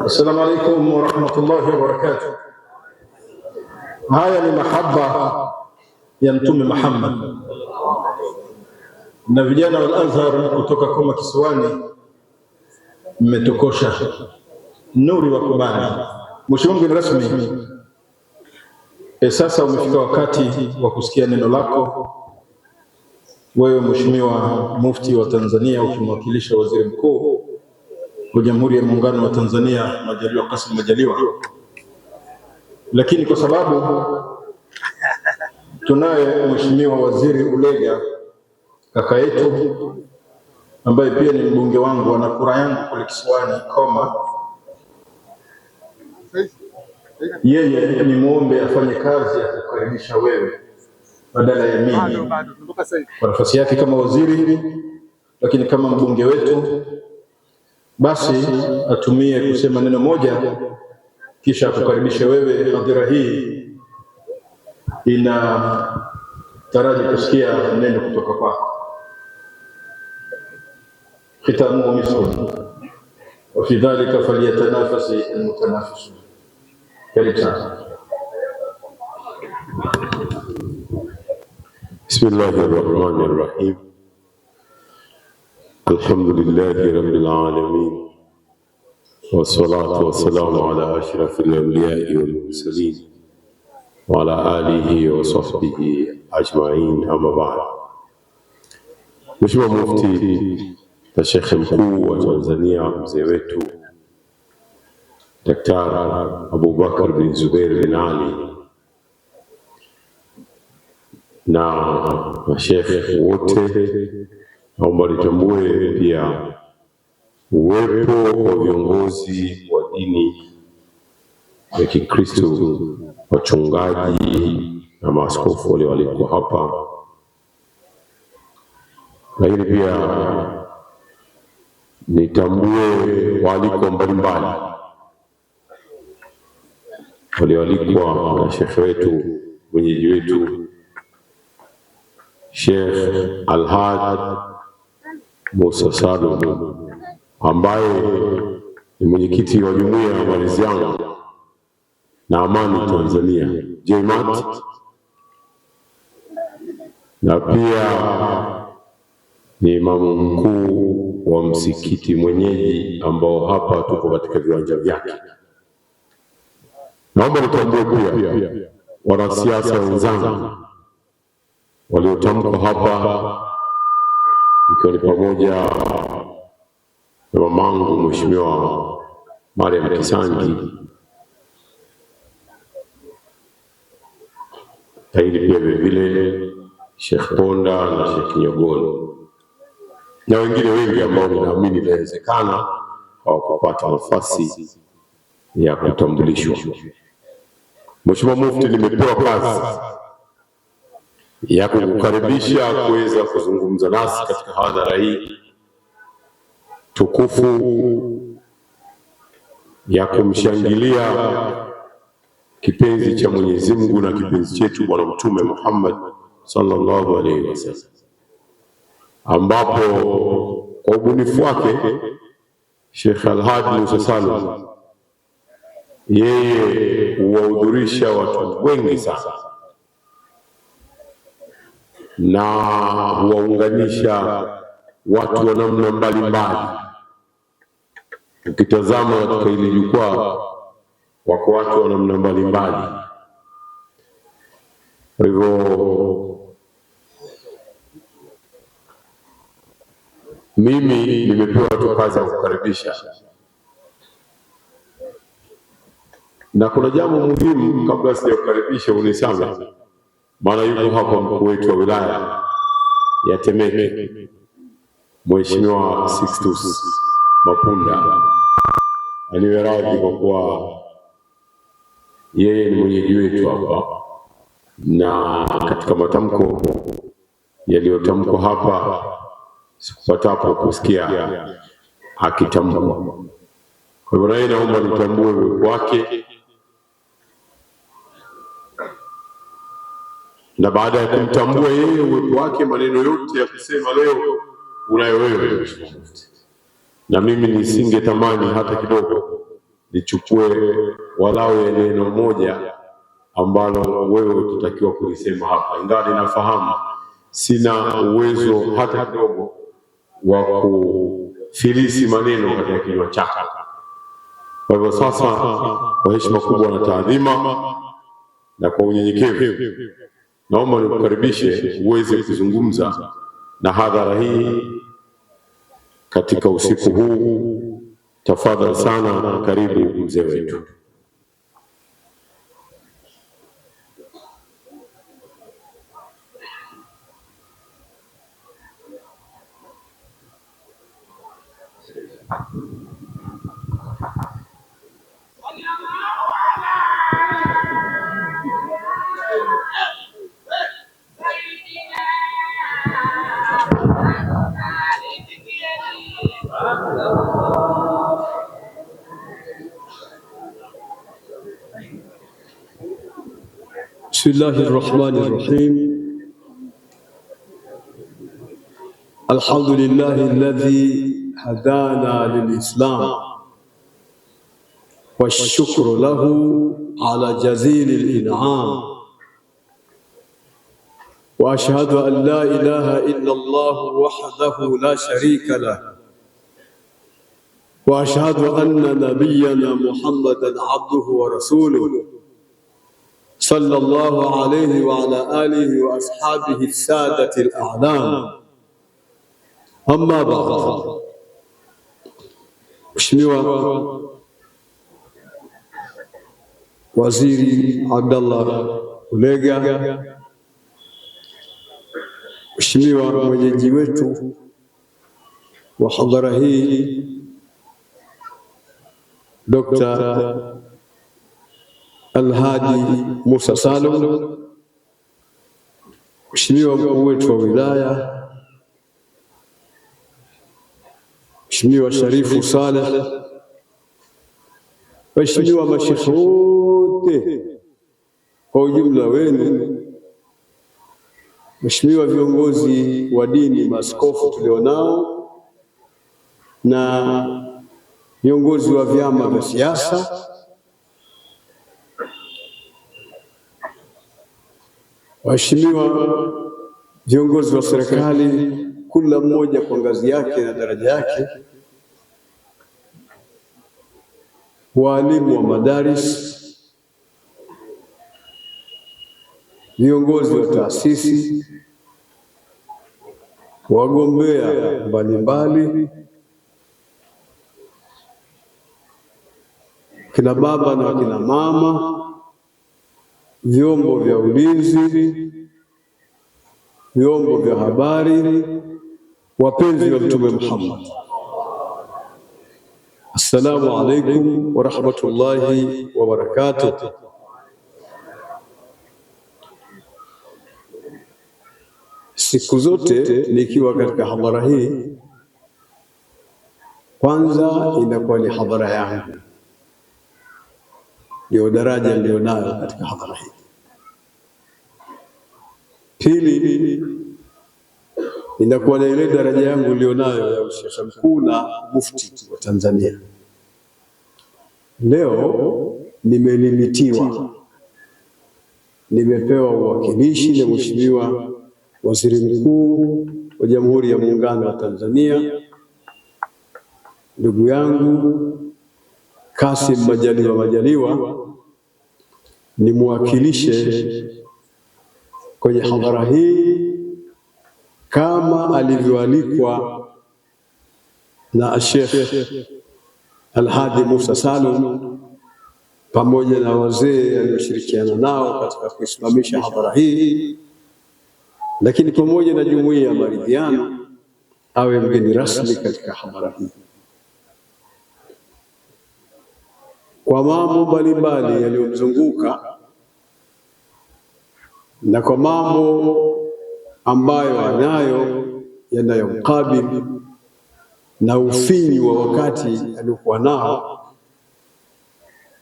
Assalamu alaikum warahmatullahi wabarakatuh. Haya ni mahaba ya Mtume Muhammad na vijana wa Azhar kutoka Koma Kisiwani, mmetokosha nuri wa kubana Mheshimiwa mgeni rasmi, e, sasa umefika wakati wa kusikia neno lako wewe, Mheshimiwa Mufti wa Tanzania, ukimwakilisha Waziri Mkuu wa Jamhuri ya Muungano wa Tanzania Majaliwa Kassim Majaliwa, lakini kwa sababu tunaye Mheshimiwa Waziri Ulega kaka yetu ambaye pia ni mbunge wangu ana kura yangu kule kisiwani Koma, yeye ni muombe afanye kazi ya kukaribisha wewe badala ya mimi kwa nafasi yake kama waziri, lakini kama mbunge wetu basi atumie kusema neno moja, kisha akukaribishe wewe. Hadhira hii inataraji kusikia neno kutoka kwako. khitamuhu miskun wa fi dhalika falyatanafasi almutanafisun. Karibu sana. Bismillahir rahmanir rahim الحمد لله رب العالمين والصلاة والسلام على أشرف الأنبياء والمرسلين وعلى آله وصحبه أجمعين أما بعد مشوا مفتي الشيخ مكو وتنزانيا مزيويتو دكتور أبو بكر بن زبير بن علي نعم الشيخ ووتي naomba nitambue pia uwepo wa viongozi wa dini ya Kikristo, wachungaji na maaskofu walioalikwa hapa, lakini pia nitambue waalikwa mbalimbali walioalikwa na shekhe wetu mwenyeji wetu Shekh Alhad Musa Sado ambaye ni mwenyekiti wa jumuiya ya Waliziana na Amani Tanzania JMAT, na pia ni imamu mkuu wa msikiti mwenyeji ambao hapa tuko katika viwanja vyake. Naomba nitambue pia wanasiasa wenzangu waliotamkwa hapa ikiwa ni pamoja na mamangu Mheshimiwa Mariam Kisangi, lakini pia vilevile Sheikh Ponda na Sheikh Nyogoni na wengine wengi ambao ninaamini inawezekana hawakupata nafasi ya kutambulishwa. Mheshimiwa Mufti, nimepewa kazi ya kukukaribisha kuweza kuzungumza nasi katika hadhara hii tukufu ya kumshangilia kipenzi cha Mwenyezi Mungu na kipenzi chetu Bwana Mtume Muhammad sallallahu alaihi wasallam, ambapo kwa ubunifu wake Sheikh Alhadi Musa Salum yeye huwahudhurisha watu wengi sana na huwaunganisha watu wa namna mbalimbali. Ukitazama katika hili jukwaa, wako watu wa namna mbalimbali. Kwa hivyo mimi nimepewa tu kazi ya kukaribisha, na kuna jambo muhimu kabla sijakukaribisha unisame maana yuko hapa mkuu wetu wa wilaya ya Temeke Mheshimiwa Sixtus Mapunda, aniwe kwa kuwa yeye ni mwenyeji wetu hapa, na katika matamko yaliyotamkwa hapa sikupatapo kusikia akitamkwa. Kwa hivyo naye naomba nitambue uwepo wake na baada ya kumtambua yeye uwepo wake, maneno yote ya kusema leo unayo wewe, na mimi nisingetamani hata kidogo nichukue walau ya neno moja ambalo wewe utatakiwa kulisema hapa, ingawa ninafahamu sina uwezo hata kidogo wa kufilisi maneno katika kinywa chako. Kwa hivyo sasa, kwa heshima kubwa na taadhima na kwa unyenyekevu Naomba nikukaribishe uweze kuzungumza na hadhara hii katika usiku huu. Tafadhali sana, karibu mzee wetu. بسم الله الرحمن الرحيم الحمد لله الذي هدانا للإسلام والشكر له على جزيل الإنعام وأشهد أن لا إله إلا الله وحده لا شريك له وأشهد أن نبينا محمدا عبده ورسوله صلى الله عليه وعلى آله وأصحابه السادة الأعلام أما بعد مشميوة وزيري عبد الله وليجا مشميوة وجيجيوتو وحضره دكتور Alhaji Musa Salum, Mheshimiwa mkuu wetu wa wilaya, Mheshimiwa Sharifu Saleh, waheshimiwa mashekhe wote kwa ujumla wenu, Mheshimiwa viongozi wa dini, maaskofu tulionao na viongozi wa vyama vya siasa Waheshimiwa viongozi wa serikali, kila mmoja kwa ngazi yake na daraja yake, waalimu wa madaris, viongozi wa taasisi, wagombea mbalimbali, kina baba na kina mama vyombo vya ulinzi, vyombo vya habari, wapenzi wa Mtume Muhammad. Assalamu alaikum wa rahmatullahi wa barakatuh. Siku zote nikiwa katika hadhara hii, kwanza inakuwa ni hadhara yangu, ndio daraja nayo katika hadhara hii. Pili, inakuwa na ile daraja yangu nilionayo ya ushehe mkuu na mufti wa Tanzania. Leo nimelimitiwa, nimepewa uwakilishi na Mheshimiwa Waziri Mkuu wa Jamhuri ya Muungano wa Tanzania, ndugu yangu Kasim Majaliwa Majaliwa, nimwakilishe kwenye hadhara hii kama alivyoalikwa na Sheikh Alhadi Musa Salum pamoja na wazee walioshirikiana nao katika kuisimamisha hadhara hii, lakini pamoja na jumuiya ya maridhiano awe mgeni rasmi katika hadhara hii kwa mambo mbalimbali yaliyomzunguka na kwa mambo ambayo anayo yanayomkabili na ufinyi wa wakati aliokuwa nao,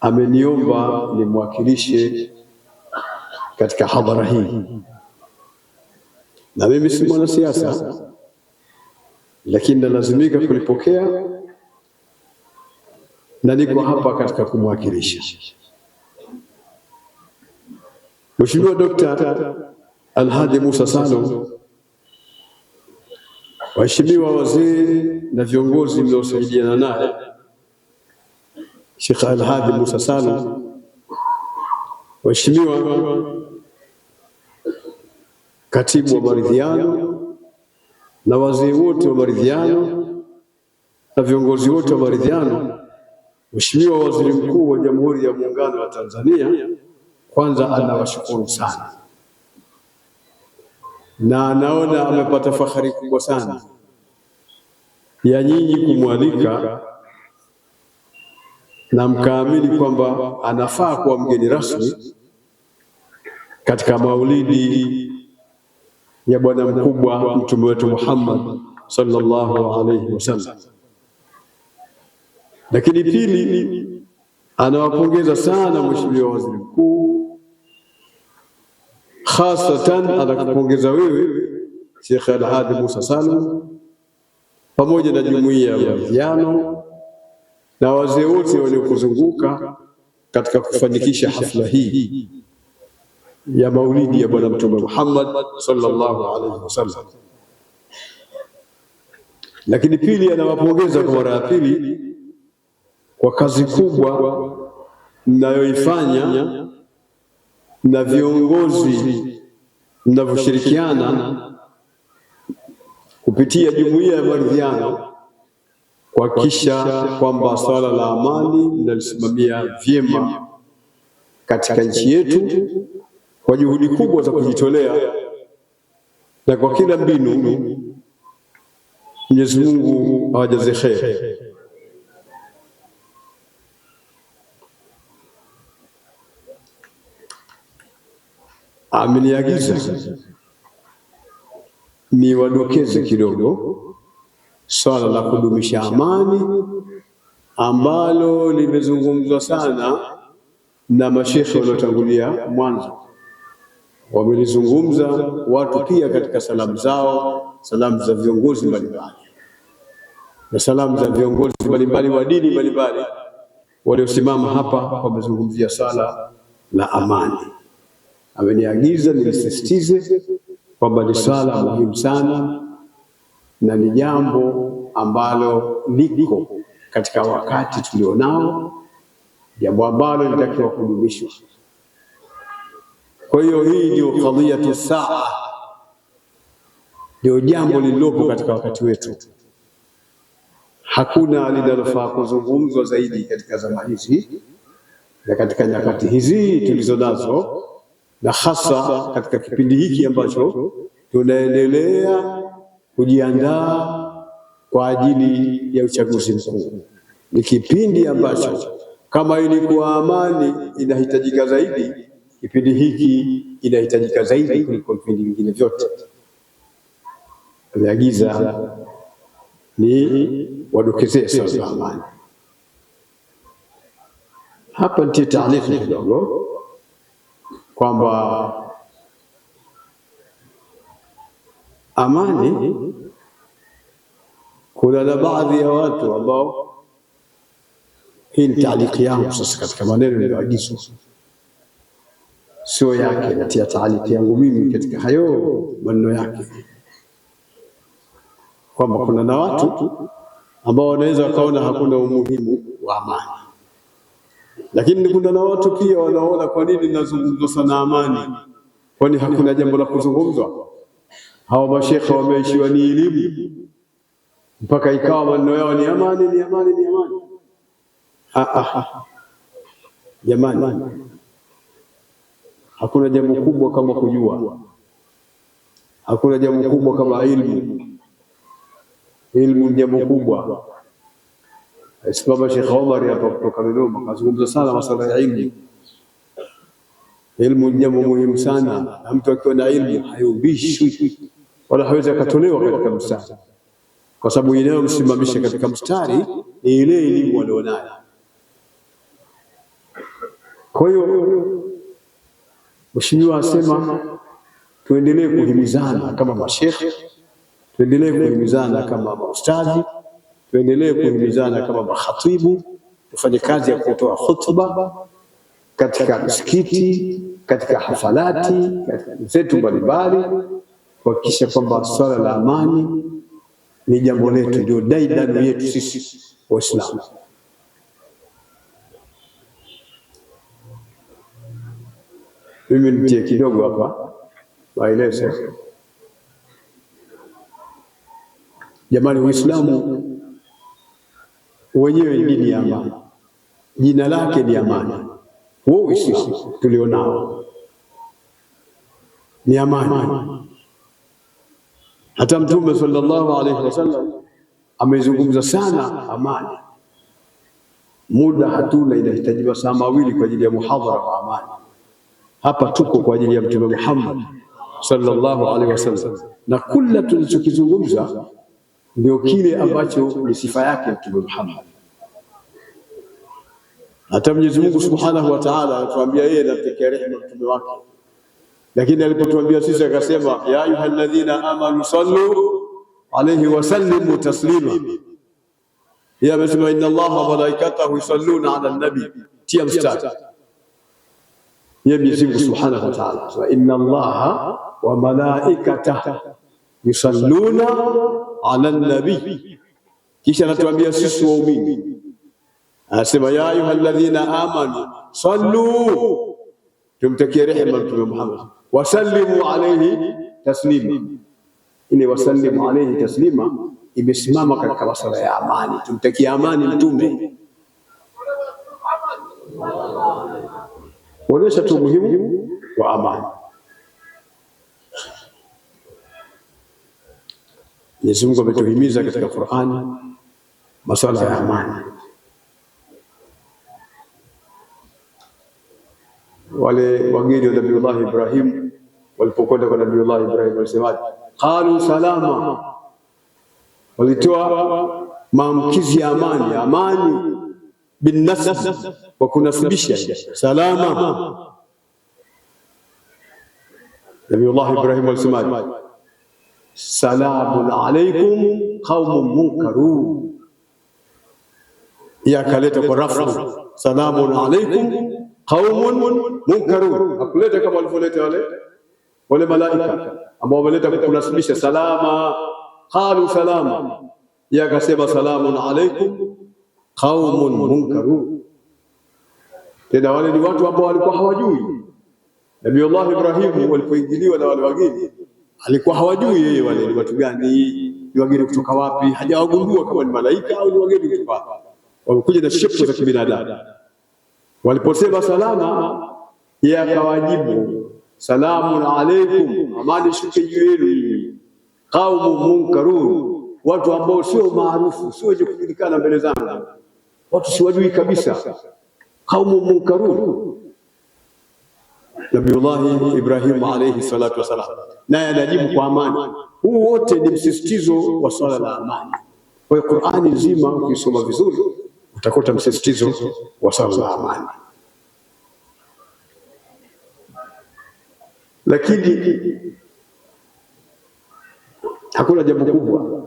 ameniomba nimwakilishe katika hadhara hii. Na mimi si mwanasiasa, lakini nalazimika kulipokea na niko hapa katika kumwakilisha. Mheshimiwa Dokta Alhaji Musa Salo, waheshimiwa wazee na viongozi mliosaidiana naye Sheikh Alhaji Musa Salo, waheshimiwa katibu wa maridhiano na wazee wote wa maridhiano na viongozi wote wa maridhiano, Mheshimiwa Waziri Mkuu wa Jamhuri ya Muungano wa Tanzania kwanza anawashukuru sana na anaona amepata fahari kubwa sana ya nyinyi kumwalika na mkaamini kwamba anafaa kuwa mgeni rasmi katika maulidi ya bwana mkubwa mtume wetu Muhammad sallallahu alaihi wasallam. Lakini pili, anawapongeza sana Mheshimiwa Waziri Mkuu Hasatan anakupongeza wewe Sheikh Alhadi Musa Salum pamoja na jumuiya ya vijana na wazee wote waliokuzunguka katika kufanikisha hafla hii ya maulidi ya Bwana Mtume Muhammad sallallahu alaihi wasallam. Lakini pili, anawapongeza kwa mara ya pili kwa kazi kubwa mnayoifanya na viongozi mnavyoshirikiana kupitia jumuiya ya maridhiano kuhakikisha kwamba swala la amani mnalisimamia vyema katika nchi yetu kwa juhudi kubwa za kujitolea na kwa kila mbinu. Mwenyezi Mungu awajaze kheri. ameniagiza niwadokeze kidogo swala la kudumisha amani ambalo limezungumzwa sana na mashehe waliotangulia mwanzo, wamelizungumza watu pia katika salamu zao, salamu za viongozi mbalimbali na salamu za viongozi mbalimbali wa dini mbalimbali waliosimama hapa, wamezungumzia swala la amani ameniagiza nilisisitize kwamba ni swala muhimu sana na ni jambo ambalo liko katika wakati tulionao, jambo ambalo litakiwa kudumishwa. Kwa hiyo hii ndio kadhiyatu saa, ndio jambo lililopo katika wakati wetu. Hakuna linalofaa kuzungumzwa zaidi katika zama hizi na katika nyakati hizi tulizo nazo na hasa katika kipindi hiki ambacho tunaendelea kujiandaa kwa ajili ya uchaguzi mkuu. Ni kipindi ambacho kama ilikuwa amani inahitajika zaidi, kipindi hiki inahitajika zaidi kuliko vipindi vingine vyote. Ameagiza ni wadokezee sasa amani. Hapa nitie taarifa kidogo kwamba amani, kuna na baadhi ya watu ambao, hii ni taaliki yangu sasa katika maneno yaliyoagizwa, sio yake, natia taaliki yangu mimi katika hayo maneno yake, kwamba kuna na watu ambao wanaweza wakaona hakuna umuhimu wa amani lakini kuna na watu pia wanaona kwa nini nazungumzwa sana amani? Kwani hakuna jambo la kuzungumzwa? Hawa mashekhe wameishiwa ni elimu mpaka ikawa maneno yao ni amani, ni amani, ni amani. Ah, ah, ah, Jamani, hakuna jambo kubwa kama kujua, hakuna jambo kubwa kama ilmu. Ilmu ni jambo kubwa Alisimama Sheikh Omar hapa kutoka Dodoma, kazungumza sana masuala ya ilmu. Ilmu ni jambo muhimu sana, na mtu akiwa na ilmu hayumbishwi wala hawezi akatolewa katika mstari, kwa sababu inayomsimamisha katika mstari ni ile elimu alionayo. Kwa hiyo mheshimiwa asema tuendelee kuhimizana kama mashekhe, tuendelee kuhimizana kama maustadhi tuendelee kuhimizana kama mahatibu, tufanye kazi ya kutoa khutba katika msikiti, katika hafalati, zetu mbalimbali, kuhakikisha kwamba swala la amani ni jambo letu, ndio daidano yetu sisi Waislamu. Mimi nitie kidogo hapa maelezo, jamani Waislamu wenyewe dini ya amani, jina lake ni amani. Wewe sisi tulionao ni amani. Hata Mtume sallallahu alaihi wasallam amezungumza sana amani. Muda hatuna, inahitaji saa mawili kwa ajili ya muhadhara wa amani. Hapa tuko kwa ajili ya Mtume Muhammad sallallahu alaihi wasallam, na kila tulichokizungumza ndio kile ambacho ni sifa yake Mtume Muhammad Hata Mwenyezi Mungu Subhanahu wa Ta'ala anatuambia yeye anamtekea rehema mtume wake, lakini alipotuambia sisi akasema, ya ayyuhalladhina amanu sallu alayhi wa sallimu taslima. Yeye amesema inna Allah wa malaikatahu yusalluna ala nabi, tia mstari. Yeye Mwenyezi Mungu Subhanahu wa Ta'ala inna Allah wa malaikatahu yusalluna ala nabi, kisha anatuambia sisi waumini Anasema, ya ayyuhalladhina amanu sallu, tumtakie rehema Mtume Muhammad, wasallimu alayhi taslima. Ile wasallimu alayhi taslima imesimama katika masala ya amani, tumtakie amani Mtume. Onyesha tu umuhimu wa amani. Mwenyezi Mungu ametuhimiza katika Qur'ani masala ya amani. wale wageni wa Nabiiullah Ibrahim walipokwenda kwa Nabiiullah Ibrahim walisemaje? Qalu salama, walitoa maamkizi ya amani, amani binnasb, wa kunasibisha salama. Nabiiullah Ibrahim walisemaje? Salamun alaikum qaumun munkarun, iyakaleta kwa rafu salamun alaikum qaumun munkarun, hakuleta kama walivyoleta wale wale malaika ambao wameleta kunasibisha salama, qalu salama, yeye akasema salamun alaikum qaumun munkarun. Tena wale ni watu ambao walikuwa hawajui. Nabii Allah Ibrahimu walipoingiliwa na wale wageni, alikuwa hawajui yeye wale ni watu gani ni wageni kutoka wapi, hajawagundua kama ni malaika au ni wageni kutoka wapi, wamekuja na shepu za kibinadamu. Waliposema salama, yeye akawajibu salamu alaikum, amani shuke juu yenu, qaumu munkarun, watu ambao sio maarufu, sio wenye kujulikana mbele zangu, watu siwajui kabisa, qaumu munkarun. Nabiullahi Ibrahim alayhi salatu wasalam naye anajibu kwa amani. Huu wote ni msisitizo wa swala la amani. Kwa hiyo Qur'ani nzima ukisoma vizuri utakuta msisitizo wa sala za amani. Lakini hakuna jambo kubwa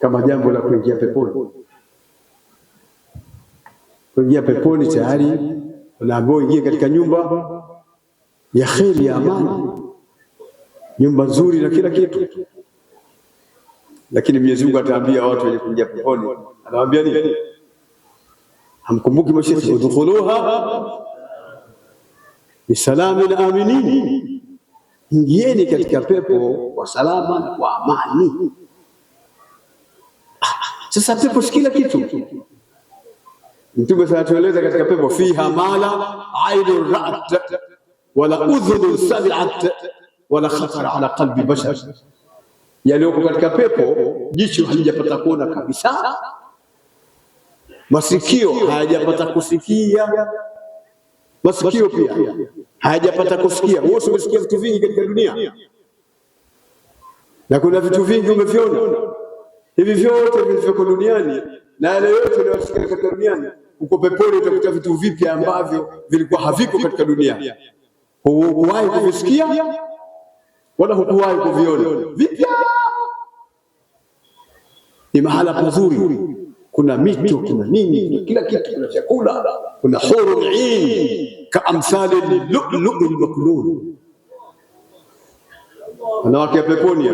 kama jambo la kuingia peponi. Kuingia peponi tayari unaambiwa uingie katika nyumba ya kheri ya amani, nyumba nzuri na kila kitu. Lakini Mwenyezi Mungu ataambia watu wenye kuingia peponi, anawaambia nini? Hamkumbuki masharti, udkhuluha bisalamin aminin, ingieni katika pepo kwa salama na kwa amani. Sasa pepo si kila kitu. Mtume sanatueleza katika pepo, fiha mala aidu ra'at wala udhunun sami'at wala khatar ala qalbi bashar yaliyoko katika pepo jicho halijapata kuona kabisa, masikio hayajapata kusikia, masikio pia hayajapata kusikia. Wewe umesikia vitu vingi katika dunia na kuna vitu vingi umeviona. Hivi vyote vilivyoko duniani na yale yote unayosikia katika duniani, uko peponi utakuta vitu vipya ambavyo vilikuwa haviko katika dunia, huwahi kuvisikia wala hukuwahi kuviona vipya. Ni mahala pazuri, kuna mito, kuna nini, kila kitu, kuna chakula, kuna huru ain ka amsali luluul maknun. Wanawake wa peponi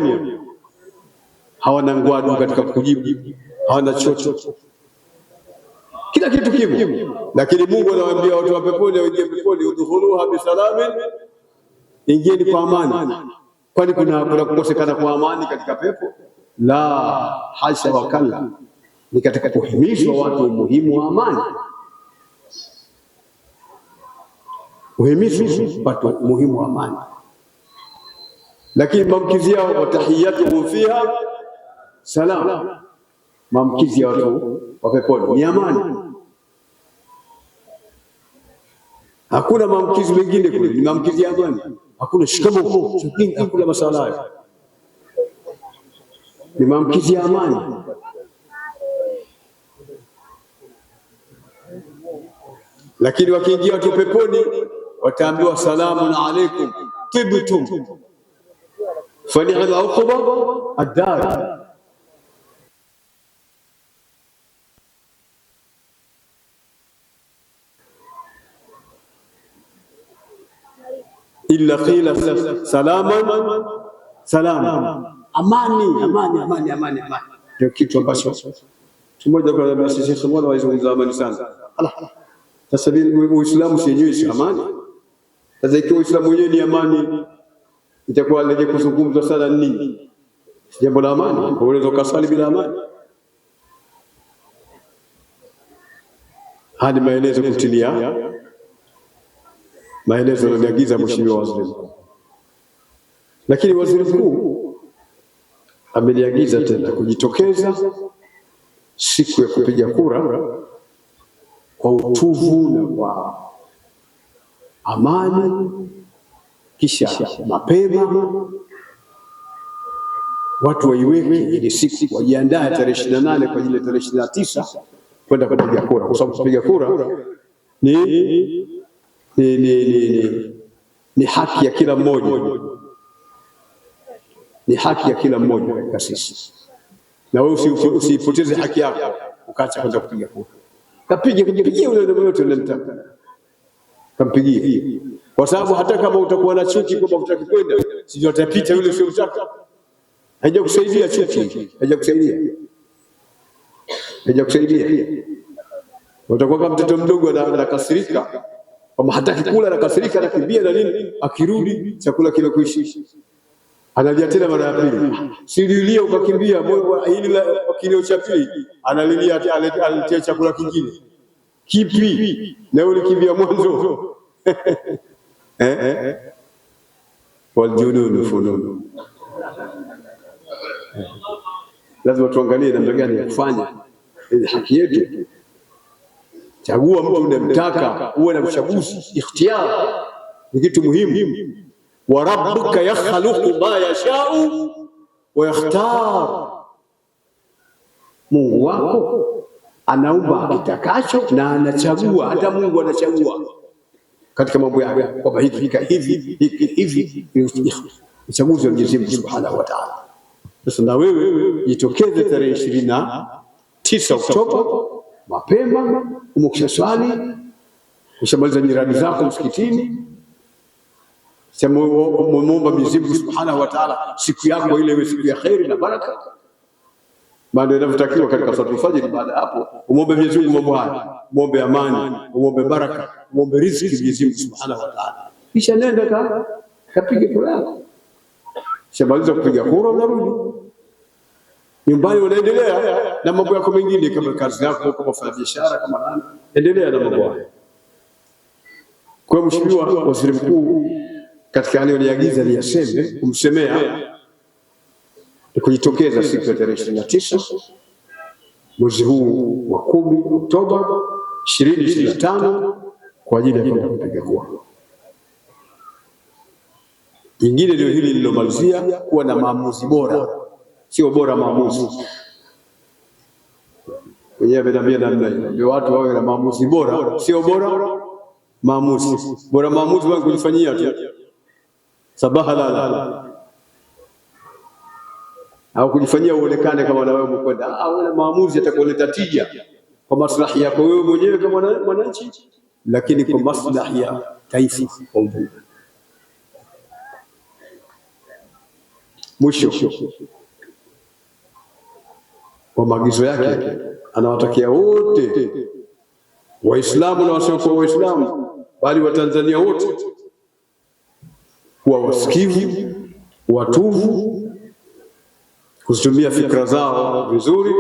hawana ngwadu katika kujibu, hawana chocho, kila kitu kimo. lakini Mungu anawaambia watu wa peponi waingie peponi, udkhuluha bisalamin, ingieni kwa amani Kwani kuna, kuna kukosekana kwa amani katika pepo? La hasha, wakala ni katika kuhimizwa watu umuhimu wa amani, uhimizwa watu umuhimu wa amani, lakini maamkizi yao watahiyatuhum fiha salam, maamkizi ya watu wa peponi ni amani. Hakuna maamkizi mengine, ni maamkizi ya amani hakuna shikamoo, hakuna masala hayo, ni maamkizi ya amani. Lakini wakiingia watu peponi, wataambiwa salamu alaikum tibtum fa ni'ma uqba ad-dar illa qila salaman salama, amani amani amani amani. Ndio kitu ambacho tumoja kwa sababu sisi shekhe mmoja alizungumza amani sana. Sasa Uislamu sijui si amani. Sasa ikiwa Uislamu wenyewe ni amani, itakuwa lenye kuzungumzwa sana nini? Jambo la amani, kwa hiyo ukasali bila amani. Hadi maelezo kutilia maelezo aliyoniagiza Mheshimiwa Waziri Mkuu, lakini Waziri Mkuu ameniagiza tena kujitokeza siku ya kupiga kura kwa utuvu na kwa amani, kisha mapema watu waiweke ili siku, wajiandae tarehe ishirini na nane kwa ajili ya tarehe ishirini na tisa kwenda kupiga kura, kwa sababu kupiga kura ni ni, ni, ni, ni ni haki ya kila mmoja, ni haki ya kila mmoja katika sisi, na wewe usipoteze haki yako ukaacha kwanza kupiga kura. Kapige kijipigie yule ndio yote unamtaka, kampigie, kwa sababu hata kama utakuwa na chuki kwamba utaki kwenda, sio atapita yule, sio utaka, kusaidia chuki, kusaidia haijakusaidia kusaidia, utakuwa kama mtoto mdogo anakasirika kwamba hataki kula, anakasirika, anakimbia na nini, akirudi chakula kile kuishi analia tena mara ya pili, sililia ukakimbia. Hili kilio cha pili analilia, aletea chakula kingine. Kipi leo ulikimbia mwanzo? eh, eh. eh. Waljununu fununu. Eh. Lazima tuangalie namna gani ya kufanya haki yetu. Chagua mtu unemtaka uwe na uchaguzi. Ikhtiyar ni kitu muhimu. Wa rabbuka yakhluqu ma yashau wa yakhtar, Mungu wako anaumba kitakacho na anachagua. Hata Mungu anachagua katika mambo yake kwamba hiki hivi hivi hivi, uchaguzi wa Mwenyezi Mungu Subhanahu wa Ta'ala. Sasa na wewe jitokeze tarehe ishirini na tisa Oktoba mapema, umekwisha swali, ushamaliza jirani zako msikitini, umemwomba Mwenyezi Mungu Subhanahu wa Ta'ala, siku yako ile iwe siku ya kheri na baraka, baada inavyotakiwa katika swala fajr. Baada hapo umwombe Mwenyezi Mungu mambo haya, muombe amani, muombe baraka, muombe riziki Mwenyezi Mungu Subhanahu wa Ta'ala, kisha nenda kapige kura yako, shamaliza kupiga kura unarudi nyumbani unaendelea na mambo yako mengine, kama kazi yako, kama fanya biashara, kama nani, endelea na mambo yako. Kwa Mheshimiwa Waziri Mkuu katika aliyoniagiza yaseme kumsemea ni kujitokeza siku ya tarehe ishirini na tisa mwezi huu wa kumi Oktoba ishirini ishirini na tano kwa ajili ya kwenda kupiga kura. Ingine ndio hili lililomalizia kuwa na maamuzi bora sio bora maamuzi. Mwenyewe ametambia namna hiyo, ndio watu wawe na maamuzi bora, sio bora maamuzi. Bora maamuzi wewe kujifanyia tu sabaha la au kujifanyia uonekane kama na wewe umekwenda. au ah, na maamuzi atakuleta tija kwa maslahi yako wewe mwenyewe kama mwananchi, lakini kwa maslahi ya taifa kwa ujumla. Mwisho kwa maagizo yake, anawatakia wote Waislamu na wasiokuwa Waislamu, bali Watanzania wote kuwa wasikivu, watuvu, kuzitumia fikra zao vizuri,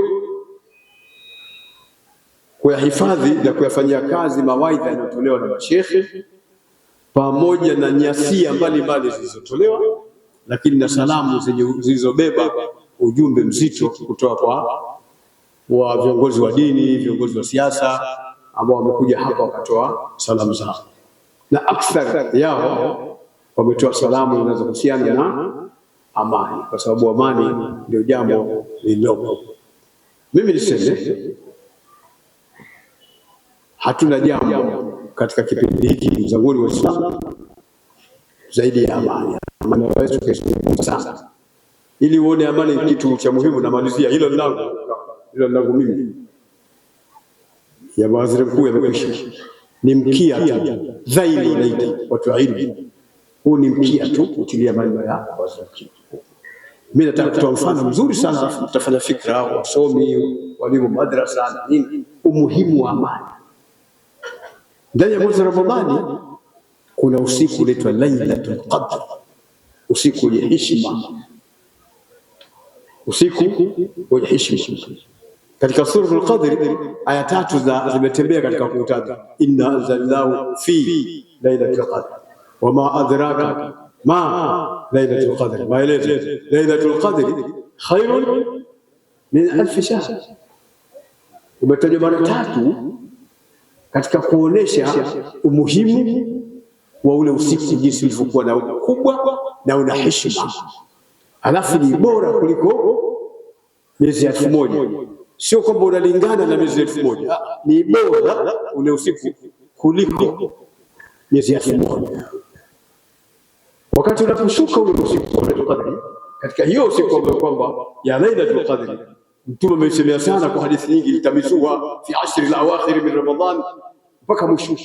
kuyahifadhi na kuyafanyia kazi mawaidha yanayotolewa na mashekhe pamoja na nyasia mbalimbali zilizotolewa, lakini na salamu zilizobeba ujumbe mzito kutoka kwa wa viongozi wa dini, viongozi wa siasa ambao wamekuja hapa wakatoa salamu zao, na akthar yao wametoa salamu zinazohusiana na amani, kwa sababu amani ndio jambo lililopo. Mimi niseme hatuna jambo katika kipindi hiki mzanguni wa Islam zaidi ya amani. Amani wetu kesho sana ili uone amani kitu cha muhimu. Namalizia hilo langu, hilo langu mimi ya waziri mkuu yamekwisha, ni mkia tu dhaili wanaita watu wa ilmu, huu ni mkia tu kutilia maneno yako. Mimi nataka kutoa mfano mzuri sana, utafanya fikra au wasomi, walimu madrasa na nini, umuhimu wa amani ndani ya mwezi Ramadhani. Kuna usiku unaitwa Lailatul Qadr, usiku wenye heshima usiku wenye heshima. Katika sura al Qadr aya tatu zimetembea katika kuutaja inna anzalnahu fi lailatul qadr wama adraka ma lailatul qadr, maelezo lailatul qadr khairun min alf shahr, umetajwa mara tatu katika kuonesha umuhimu wa ule usiku jinsi ulivyokuwa na ukubwa na una heshima. alafu ni bora kuliko miezi elfu moja. Sio kwamba unalingana na miezi elfu moja, ah, ah. ni bora ule usiku kuliko miezi elfu moja. Wakati unaposhuka ule usiku wa Qadri, katika hiyo usiku ambayo kwamba ya Lailatul Qadr Mtume ameisemea sana kwa hadithi nyingi, litamizua fi ashri al-awakhir min Ramadhan, mpaka mwisho.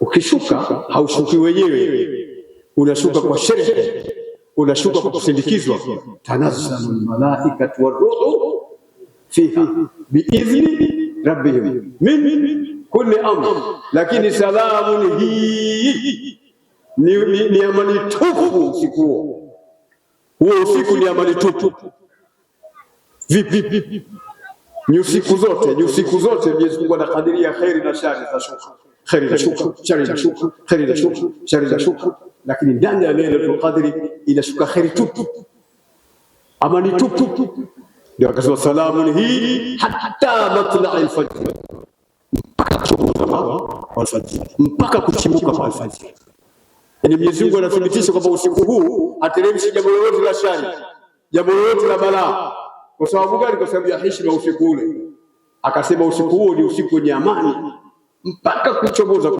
Ukishuka haushuki wenyewe, unashuka kwa sherehe unashuka kwa kusindikizwa, tanazzalu lmalaikatu waruhu fiha biidhni rabbihim min kulli amr, lakini salamun hii ni, ni, ni amani tupu usiku huo. Huo usiku ni amani tupu. Vipi? Ni usiku zote, ni usiku zote Mwenyezi Mungu anakadiria kheri na shari za shuka, kheri za shuka, shari za shuka, kheri za shuka, shari za shuka lakini ndani ya Lailatul Qadri inashuka kheri tupu, amani tupu. Ndio akasema salamun hii hatta matlai alfajri, mpaka alfajiri, mpaka kuchimuka kwa alfajiri. Yani Mwenyezi Mungu anathibitisha kwamba usiku huu hateremshi jambo lolote la shari, jambo lolote la balaa. Kwa sababu gani? Kwa sababu ya heshima usiku ule. Akasema usiku huo ni usiku wenye amani mpaka kuchomoza